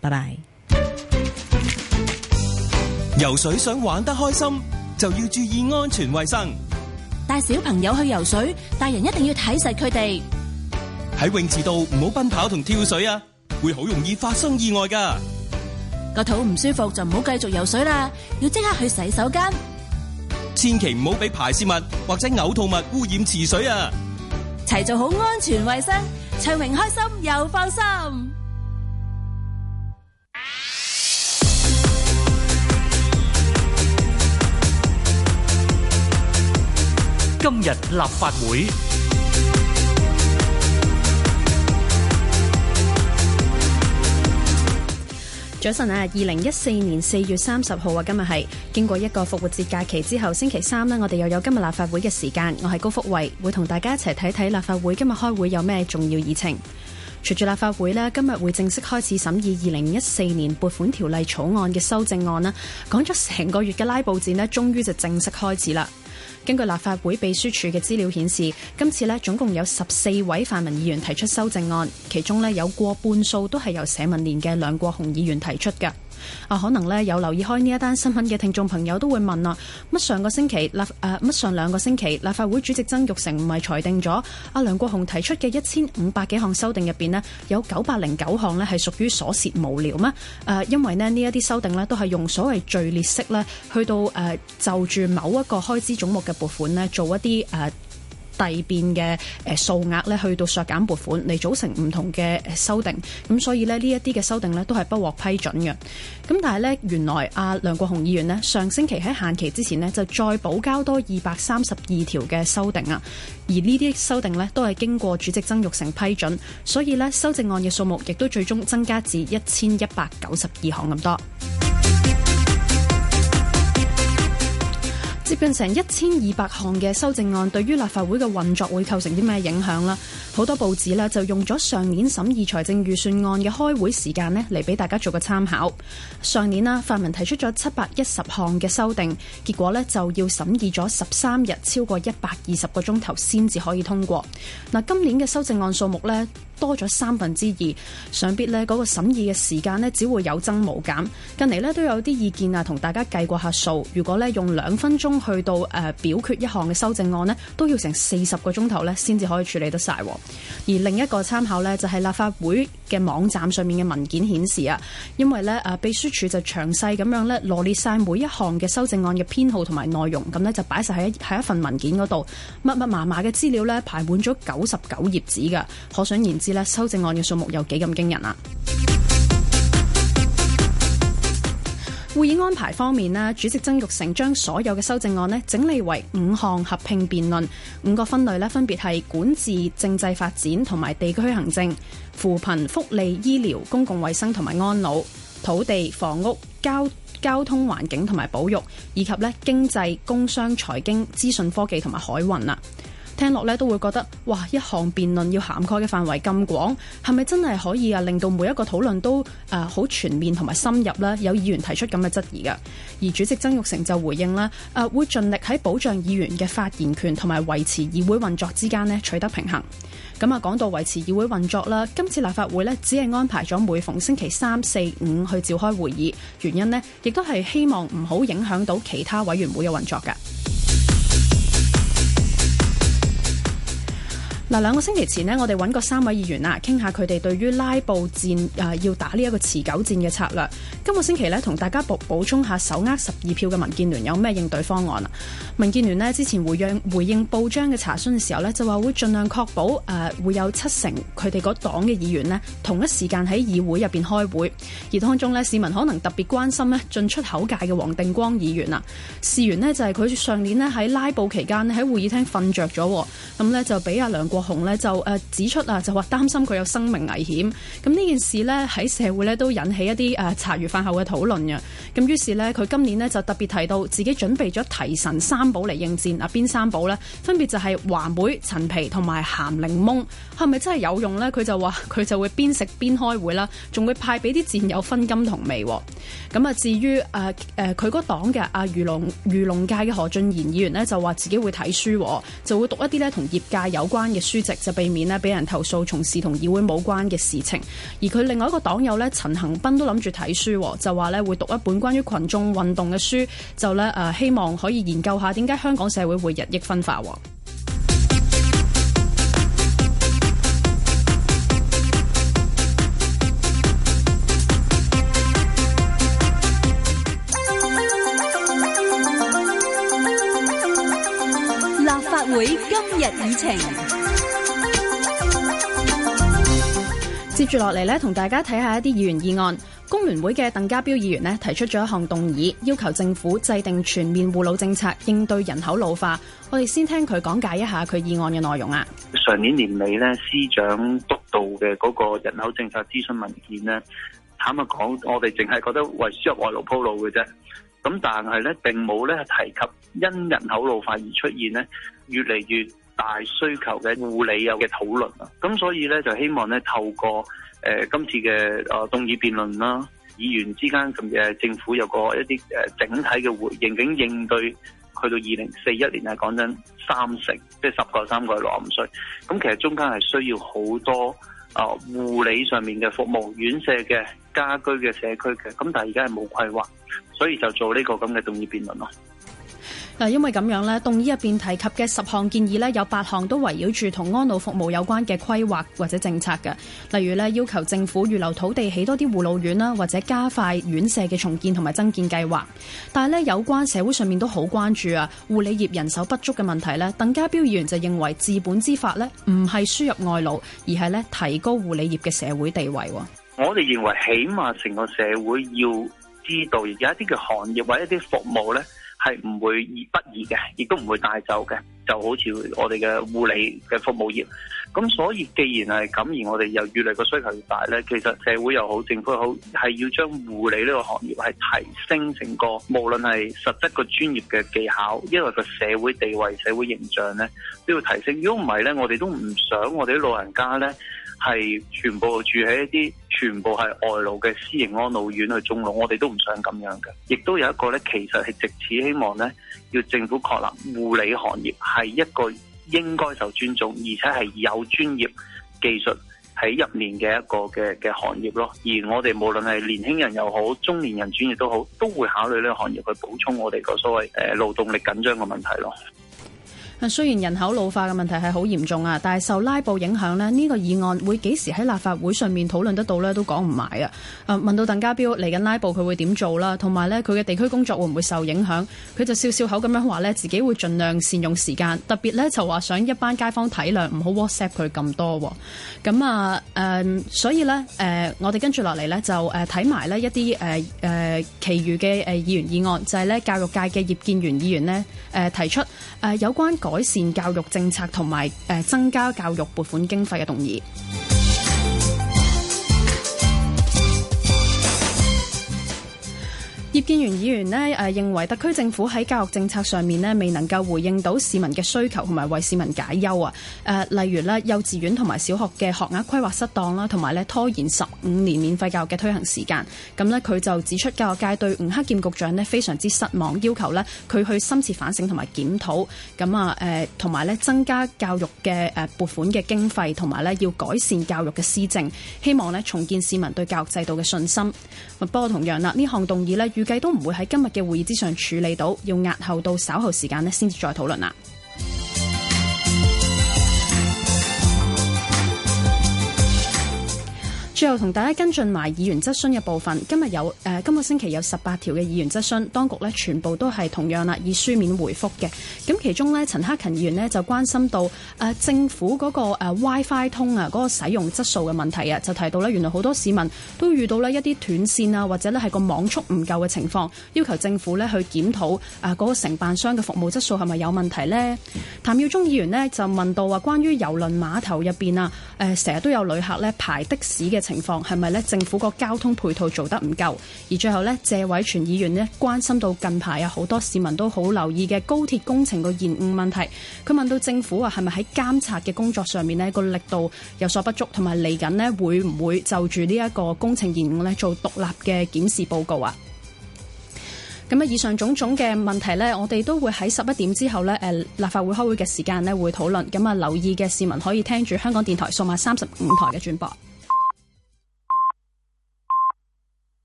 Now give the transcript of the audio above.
拜拜！游水想玩得開心，就要注意安全衛生。帶小朋友去游水，大人一定要睇實佢哋。喺泳池度唔好奔跑同跳水啊，會好容易發生意外㗎。個肚唔舒服就唔好繼續游水啦，要即刻去洗手間。千祈唔好俾排泄物或者嘔吐物污染池水啊！齊做好安全衛生，暢泳開心又放心。今日立法會早晨啊！二零一四年四月三十號啊，今日係經過一個復活節假期之後，星期三呢，我哋又有今日立法會嘅時間。我係高福慧，會同大家一齊睇睇立法會今日開會有咩重要議程。隨住，立法會呢，今日會正式開始審議二零一四年撥款條例草案嘅修正案啦講咗成個月嘅拉布戰呢，終於就正式開始啦。根據立法會秘書處嘅資料顯示，今次咧總共有十四位泛民議員提出修正案，其中咧有過半數都係由社民連嘅梁國雄議員提出嘅。啊，可能咧有留意開呢一單新聞嘅聽眾朋友都會問啦，乜上個星期立誒乜、啊、上兩個星期立法會主席曾鈺成唔係裁定咗阿、啊、梁國雄提出嘅一千五百幾項修訂入邊咧有九百零九項咧係屬於瑣屑無聊嗎？誒、啊，因為咧呢一啲修訂咧都係用所謂序列式咧去到誒、啊、就住某一個開支總目。撥款做一啲誒遞變嘅誒數額咧，去到削減撥款嚟組成唔同嘅修訂，咁所以咧呢一啲嘅修訂都係不獲批准嘅。咁但係呢，原來阿、啊、梁國雄議員呢，上星期喺限期之前呢，就再補交多二百三十二條嘅修訂啊，而呢啲修訂呢，都係經過主席曾玉成批准，所以呢，修正案嘅數目亦都最終增加至一千一百九十二項咁多。接近成一千二百項嘅修正案，對於立法會嘅運作會構成啲咩影響呢？好多報紙呢就用咗上年審議財政預算案嘅開會時間呢嚟俾大家做個參考。上年啦，泛民提出咗七百一十項嘅修訂，結果呢就要審議咗十三日，超過一百二十個鐘頭先至可以通過。嗱，今年嘅修正案數目呢。多咗三分之二，上邊呢嗰、那個審議嘅時間呢，只會有增無減。近嚟呢都有啲意見啊，同大家計過下數。如果呢用兩分鐘去到誒、呃、表決一項嘅修正案呢，都要成四十個鐘頭呢先至可以處理得晒。而另一個參考呢，就係、是、立法會嘅網站上面嘅文件顯示啊，因為呢，誒、啊、秘書處就詳細咁樣呢羅列晒每一項嘅修正案嘅編號同埋內容，咁呢，就擺晒喺一一份文件嗰度，密密麻麻嘅資料呢，排滿咗九十九頁紙噶。可想而知。呢修正案嘅數目有幾咁驚人啊？會議安排方面咧，主席曾玉成將所有嘅修正案整理為五項合併辯論，五個分類咧，分別係管治、政制發展同埋地區行政、扶貧、福利、醫療、公共衛生同埋安老、土地、房屋、交交通環境同埋保育，以及咧經濟、工商、財經、資訊科技同埋海運啦。聽落咧都會覺得，哇！一項辯論要涵蓋嘅範圍咁廣，係咪真係可以啊，令到每一個討論都誒好、呃、全面同埋深入呢？有議員提出咁嘅質疑嘅，而主席曾玉成就回應啦，誒、呃、會盡力喺保障議員嘅發言權同埋維持議會運作之間呢取得平衡。咁啊，講到維持議會運作啦，今次立法會呢只係安排咗每逢星期三、四、五去召開會議，原因呢亦都係希望唔好影響到其他委員會嘅運作嘅。嗱，兩個星期前咧，我哋揾個三位議員啊，傾下佢哋對於拉布戰誒、呃、要打呢一個持久戰嘅策略。今個星期咧，同大家補補充一下手握十二票嘅民建聯有咩應對方案啊？民建聯咧之前回應回應報章嘅查詢嘅時候咧，就話會盡量確保誒、呃、會有七成佢哋嗰黨嘅議員咧同一時間喺議會入邊開會，而當中咧，市民可能特別關心咧進出口界嘅黃定光議員啊，事源咧就係佢上年咧喺拉布期間咧喺會議廳瞓着咗，咁咧就俾阿梁國紅咧就誒指出啊，就話擔心佢有生命危險。咁呢件事呢，喺社會呢都引起一啲誒茶餘飯後嘅討論。咁於是呢，佢今年呢就特別提到自己準備咗提神三寶嚟應戰。阿邊三寶呢？分別就係話梅、陳皮同埋鹹檸檬。係咪真係有用呢？佢就話佢就會邊食邊開會啦，仲會派俾啲戰友分甘同味。咁、呃呃、啊，至於誒誒佢嗰黨嘅阿漁農漁農界嘅何俊賢議員呢，就話自己會睇書，就會讀一啲呢同業界有關嘅書。書籍就避免咧俾人投訴從事同議會冇關嘅事情，而佢另外一個黨友咧陳恒斌都諗住睇書，就話咧會讀一本關於群眾運動嘅書，就咧誒希望可以研究下點解香港社會會日益分化。會今日議程，接住落嚟呢，同大家睇下一啲議員議案。工聯會嘅鄧家彪議員呢，提出咗一項動議，要求政府制定全面護老政策，應對人口老化。我哋先聽佢講解一下佢議案嘅內容啊，上年年尾呢，司長督導嘅嗰個人口政策諮詢文件呢，坦白講，我哋淨係覺得為輸入外勞鋪路嘅啫。咁但係咧，並冇咧提及因人口老化而出現咧越嚟越大需求嘅護理有嘅討論啊。咁所以咧就希望咧透過誒、呃、今次嘅啊動議辯論啦，議員之間同政府有個一啲、呃、整體嘅回應，咁應對去到二零四一年係講真講緊，三成即係十個三個係六十五歲，咁其實中間係需要好多啊、呃、護理上面嘅服務院舍嘅。家居嘅社區嘅，咁但係而家係冇規劃，所以就做呢個咁嘅動議辯論咯。嗱，因為咁樣咧，動議入邊提及嘅十項建議咧，有八項都圍繞住同安老服務有關嘅規劃或者政策嘅，例如咧要求政府預留土地起多啲護老院啦，或者加快院舍嘅重建同埋增建計劃。但係咧有關社會上面都好關注啊護理業人手不足嘅問題咧，鄧家彪議員就認為治本之法咧唔係輸入外勞，而係咧提高護理業嘅社會地位。我哋認為，起碼成個社會要知道而家一啲嘅行業或者一啲服務呢，係唔會不易嘅，亦都唔會帶走嘅，就好似我哋嘅護理嘅服務業。咁所以，既然係咁，而我哋又越嚟個需求越大呢，其實社會又好，政府又好，係要將護理呢個行業係提升成個無論係實質個專業嘅技巧，因為個社會地位、社會形象呢都要提升。如果唔係呢，我哋都唔想我哋啲老人家呢。係全部住喺一啲全部係外勞嘅私營安老院去終老，我哋都唔想咁樣嘅。亦都有一個咧，其實係直此希望咧，要政府確立護理行業係一個應該受尊重，而且係有專業技術喺入面嘅一個嘅嘅行業咯。而我哋無論係年輕人又好，中年人轉業都好，都會考慮呢個行業去補充我哋個所謂誒勞動力緊張嘅問題咯。雖然人口老化嘅問題係好嚴重啊，但係受拉布影響呢、呢、呢個議案會幾時喺立法會上面討論得到呢？都講唔埋啊！誒，問到鄧家彪嚟緊拉布，佢會點做啦？同埋呢，佢嘅地區工作會唔會受影響？佢就笑笑口咁樣話呢，自己會盡量善用時間，特別呢就話想一班街坊體諒，唔好 WhatsApp 佢咁多。咁啊，誒、嗯，所以呢，誒、呃，我哋跟住落嚟呢，就誒睇埋呢一啲誒誒其餘嘅誒議員議案，就係、是、呢教育界嘅葉建源議員呢誒、呃、提出誒、呃、有關。改善教育政策同埋，誒增加教育撥款經費嘅動議。葉建源議員呢，誒認為特區政府喺教育政策上面呢，未能夠回應到市民嘅需求同埋為市民解憂啊，誒例如呢，幼稚園同埋小學嘅學額規劃失當啦，同埋呢，拖延十五年免費教育嘅推行時間咁呢，佢就指出教育界對吳克儉局長呢，非常之失望，要求呢，佢去深切反省同埋檢討咁啊，誒同埋呢，增加教育嘅誒撥款嘅經費，同埋呢，要改善教育嘅施政，希望呢重建市民對教育制度嘅信心。不過同樣啦，呢項動議呢預。計都唔會喺今日嘅會議之上處理到，要押後到稍後時間咧先至再討論啦。最後同大家跟進埋議員質詢嘅部分。今日有、呃、今個星期有十八條嘅議員質詢，當局呢全部都係同樣啦，以書面回覆嘅。咁其中呢，陳克勤議員呢就關心到誒、呃、政府嗰個、呃、WiFi 通啊，嗰個使用質素嘅問題啊，就提到呢，原來好多市民都遇到呢一啲斷線啊，或者呢係個網速唔夠嘅情況，要求政府呢去檢討誒、呃、嗰個承辦商嘅服務質素係咪有問題呢。 譚耀宗議員呢就問到話，關於郵輪碼頭入邊啊，呃、成日都有旅客呢排的士嘅。情況係咪呢，政府個交通配套做得唔夠？而最後呢，謝偉全議員呢關心到近排有好多市民都好留意嘅高鐵工程個延誤問題。佢問到政府啊，係咪喺監察嘅工作上面呢個力度有所不足，同埋嚟緊呢會唔會就住呢一個工程延誤呢做獨立嘅檢視報告啊？咁啊，以上種種嘅問題呢，我哋都會喺十一點之後呢，誒，立法會開會嘅時間呢會討論。咁啊，留意嘅市民可以聽住香港電台數碼三十五台嘅轉播。